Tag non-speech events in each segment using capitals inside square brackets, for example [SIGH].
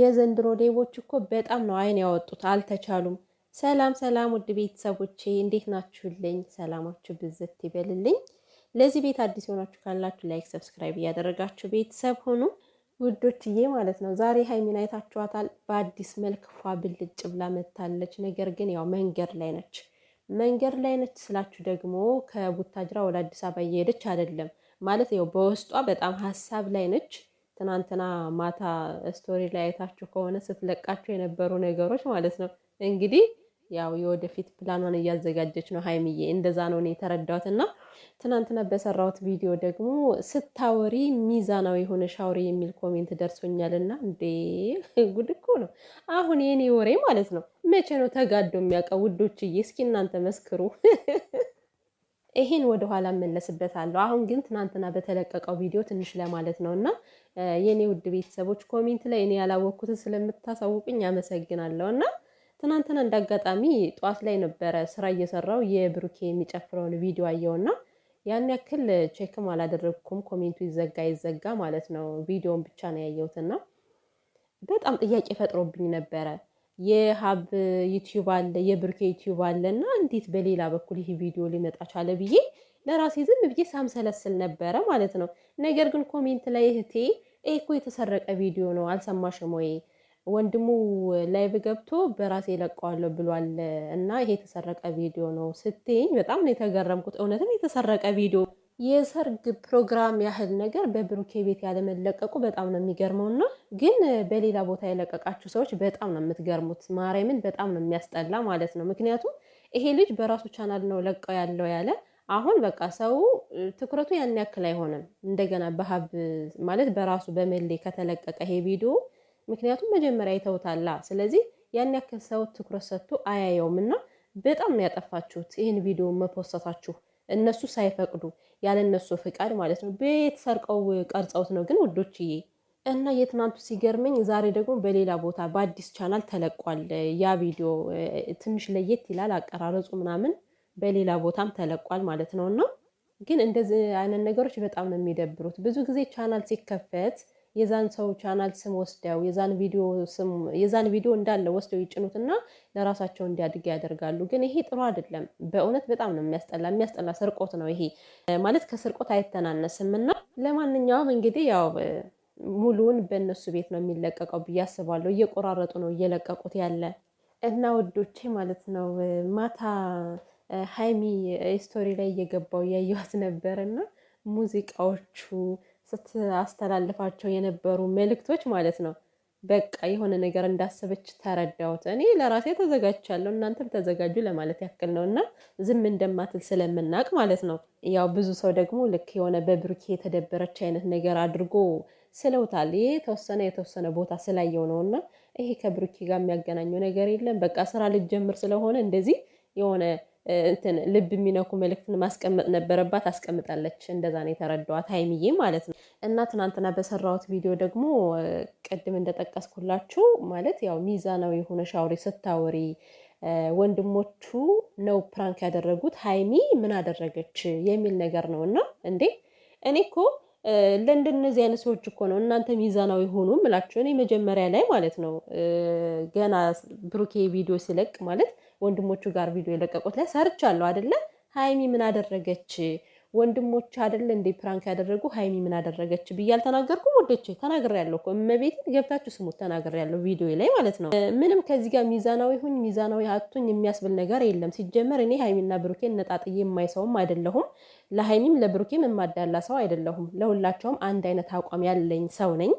የዘንድሮ ሌቦች እኮ በጣም ነው አይን ያወጡት፣ አልተቻሉም። ሰላም ሰላም፣ ውድ ቤተሰቦቼ እንዴት ናችሁልኝ? ሰላማችሁ ብዝት ይበልልኝ። ለዚህ ቤት አዲስ የሆናችሁ ካላችሁ ላይክ፣ ሰብስክራይብ እያደረጋችሁ ቤተሰብ ሆኑ ውዶችዬ ማለት ነው። ዛሬ ሀይሚን አይታችኋታል። በአዲስ መልክ ፏ ብልጭ ብላ መታለች። ነገር ግን ያው መንገድ ላይ ነች፣ መንገድ ላይ ነች ስላችሁ ደግሞ ከቡታጅራ ወደ አዲስ አበባ እየሄደች አይደለም ማለት ያው በውስጧ በጣም ሀሳብ ላይ ነች ትናንትና ማታ ስቶሪ ላይ አይታችሁ ከሆነ ስትለቃችሁ የነበሩ ነገሮች ማለት ነው። እንግዲህ ያው የወደፊት ፕላኗን እያዘጋጀች ነው ሀይሚዬ፣ እንደዛ ነው እኔ የተረዳሁት። እና ትናንትና በሰራሁት ቪዲዮ ደግሞ ስታወሪ ሚዛናዊ የሆነ ሻውሪ የሚል ኮሜንት ደርሶኛል። እና እንዴ ጉድ እኮ ነው አሁን የኔ ወሬ ማለት ነው። መቼ ነው ተጋዶ የሚያውቀው? ውዶችዬ እስኪ እናንተ መስክሩ። [LAUGHS] ይሄን ወደ መለስበት እመለስበታለሁ። አሁን ግን ትናንትና በተለቀቀው ቪዲዮ ትንሽ ለማለት ነው እና የእኔ ውድ ቤተሰቦች ኮሜንት ላይ እኔ ያላወቅኩትን ስለምታሳውቁኝ አመሰግናለሁ። እና ትናንትና እንዳጋጣሚ ጠዋት ላይ ነበረ ስራ እየሰራው የብሩኬ የሚጨፍረውን ቪዲዮ አየውና ያን ያክል ቼክም አላደረግኩም። ኮሜንቱ ይዘጋ ይዘጋ ማለት ነው። ቪዲዮን ብቻ ነው ያየሁትና በጣም ጥያቄ ፈጥሮብኝ ነበረ የሀብ ዩቲዩብ አለ የብርኬ ዩቲዩብ አለ እና እንዴት በሌላ በኩል ይህ ቪዲዮ ሊመጣ ቻለ ብዬ ለራሴ ዝም ብዬ ሳምሰለስል ነበረ ማለት ነው። ነገር ግን ኮሜንት ላይ እህቴ ይሄ እኮ የተሰረቀ ቪዲዮ ነው አልሰማሽም ወይ? ወንድሙ ላይቭ ገብቶ በራሴ ለቀዋለሁ ብሏል እና ይሄ የተሰረቀ ቪዲዮ ነው ስትኝ በጣም ነው የተገረምኩት። እውነትም የተሰረቀ ቪዲዮ የሰርግ ፕሮግራም ያህል ነገር በብሩኬ ቤት ያለመለቀቁ በጣም ነው የሚገርመው። እና ግን በሌላ ቦታ የለቀቃችሁ ሰዎች በጣም ነው የምትገርሙት። ማርያምን በጣም ነው የሚያስጠላ ማለት ነው። ምክንያቱም ይሄ ልጅ በራሱ ቻናል ነው ለቀው ያለው ያለ አሁን በቃ ሰው ትኩረቱ ያን ያክል አይሆንም። እንደገና በሀብ ማለት በራሱ በመሌ ከተለቀቀ ይሄ ቪዲዮ ምክንያቱም መጀመሪያ ይተውታላ። ስለዚህ ያን ያክል ሰው ትኩረት ሰጥቶ አያየውም እና በጣም ነው ያጠፋችሁት ይህን ቪዲዮ መፖሰታችሁ እነሱ ሳይፈቅዱ ያለ እነሱ ፍቃድ ማለት ነው። ቤት ሰርቀው ቀርጸውት ነው ግን ውዶችዬ እና የትናንቱ ሲገርመኝ ዛሬ ደግሞ በሌላ ቦታ በአዲስ ቻናል ተለቋል። ያ ቪዲዮ ትንሽ ለየት ይላል አቀራረጹ ምናምን፣ በሌላ ቦታም ተለቋል ማለት ነው። እና ግን እንደዚህ አይነት ነገሮች በጣም ነው የሚደብሩት። ብዙ ጊዜ ቻናል ሲከፈት የዛን ሰው ቻናል ስም ወስደው የዛን ቪዲዮ ስም የዛን ቪዲዮ እንዳለ ወስደው ይጭኑትና ለራሳቸው እንዲያድግ ያደርጋሉ። ግን ይሄ ጥሩ አይደለም። በእውነት በጣም ነው የሚያስጠላ። የሚያስጠላ ስርቆት ነው ይሄ ማለት ከስርቆት አይተናነስም። እና ለማንኛውም እንግዲህ ያው ሙሉውን በእነሱ ቤት ነው የሚለቀቀው ብዬ አስባለሁ። እየቆራረጡ ነው እየለቀቁት ያለ እና ወዶቼ ማለት ነው ማታ ሀይሚ ስቶሪ ላይ እየገባው ያየዋት ነበር እና ሙዚቃዎቹ ስትአስተላልፋቸው የነበሩ መልእክቶች ማለት ነው። በቃ የሆነ ነገር እንዳሰበች ተረዳሁት። እኔ ለራሴ ተዘጋጅቻለሁ፣ እናንተም ተዘጋጁ ለማለት ያክል ነው እና ዝም እንደማትል ስለምናቅ ማለት ነው። ያው ብዙ ሰው ደግሞ ልክ የሆነ በብሩኬ የተደበረች አይነት ነገር አድርጎ ስለውታል። ይሄ የተወሰነ የተወሰነ ቦታ ስላየው ነው እና ይሄ ከብሩኬ ጋር የሚያገናኘው ነገር የለም። በቃ ስራ ልጀምር ስለሆነ እንደዚህ የሆነ እንትን ልብ የሚነኩ መልእክትን ማስቀመጥ ነበረባት። አስቀምጣለች። እንደዛ ነው የተረዳዋት ሀይሚዬ ማለት ነው። እና ትናንትና በሰራሁት ቪዲዮ ደግሞ ቅድም እንደጠቀስኩላችሁ ማለት ያው ሚዛናዊ የሆነ ሻውሪ ስታወሪ ወንድሞቹ ነው ፕራንክ ያደረጉት ሀይሚ ምን አደረገች የሚል ነገር ነው እና እንዴ እኔ እኮ ለእንደነዚህ አይነት ሰዎች እኮ ነው እናንተ ሚዛናዊ ሆኑ ምላችሁ። እኔ መጀመሪያ ላይ ማለት ነው ገና ብሩኬ ቪዲዮ ሲለቅ ማለት ወንድሞቹ ጋር ቪዲዮ የለቀቁት ላይ ሰርቻለሁ አደለ ሀይሚ ምን አደረገች ወንድሞች አይደለ እንዴ ፕራንክ ያደረጉ ሀይሚ ምን አደረገች ብዬ አልተናገርኩም። ወደች ተናግሬያለሁ ያለው እመቤቴን ገብታችሁ ስሙት፣ ያለው ቪዲዮ ላይ ማለት ነው። ምንም ከዚህ ጋር ሚዛናዊ ሁኝ ሚዛናዊ አቱኝ የሚያስብል ነገር የለም። ሲጀመር እኔ ሀይሚና ብሩኬን ነጣጥዬ የማይሰውም አይደለሁም። ለሀይሚም ለብሩኬም የማዳላ ሰው አይደለሁም። ለሁላቸውም አንድ አይነት አቋም ያለኝ ሰው ነኝ።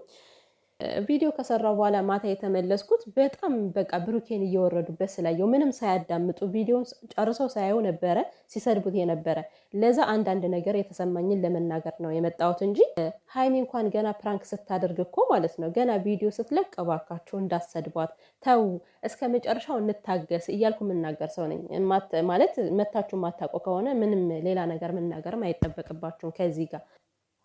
ቪዲዮ ከሰራው በኋላ ማታ የተመለስኩት በጣም በቃ ብሩኬን እየወረዱበት ስላየው ምንም ሳያዳምጡ ቪዲዮን ጨርሰው ሳያዩ ነበረ ሲሰድቡት የነበረ። ለዛ አንዳንድ ነገር የተሰማኝን ለመናገር ነው የመጣሁት እንጂ ሀይሚ እንኳን ገና ፕራንክ ስታደርግ እኮ ማለት ነው ገና ቪዲዮ ስትለቅ እባካችሁ እንዳሰድቧት ተው፣ እስከ መጨረሻው እንታገስ እያልኩ የምናገር ሰው ነኝ። ማለት መታችሁ ማታውቁ ከሆነ ምንም ሌላ ነገር መናገርም አይጠበቅባችሁም ከዚህ ጋር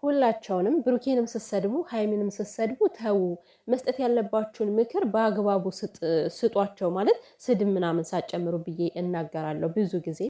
ሁላቸውንም ብሩኬንም ስትሰድቡ ሀይሚንም ስትሰድቡ ተዉ። መስጠት ያለባችሁን ምክር በአግባቡ ስጧቸው። ማለት ስድብ ምናምን ሳጨምሩ ብዬ እናገራለሁ ብዙ ጊዜ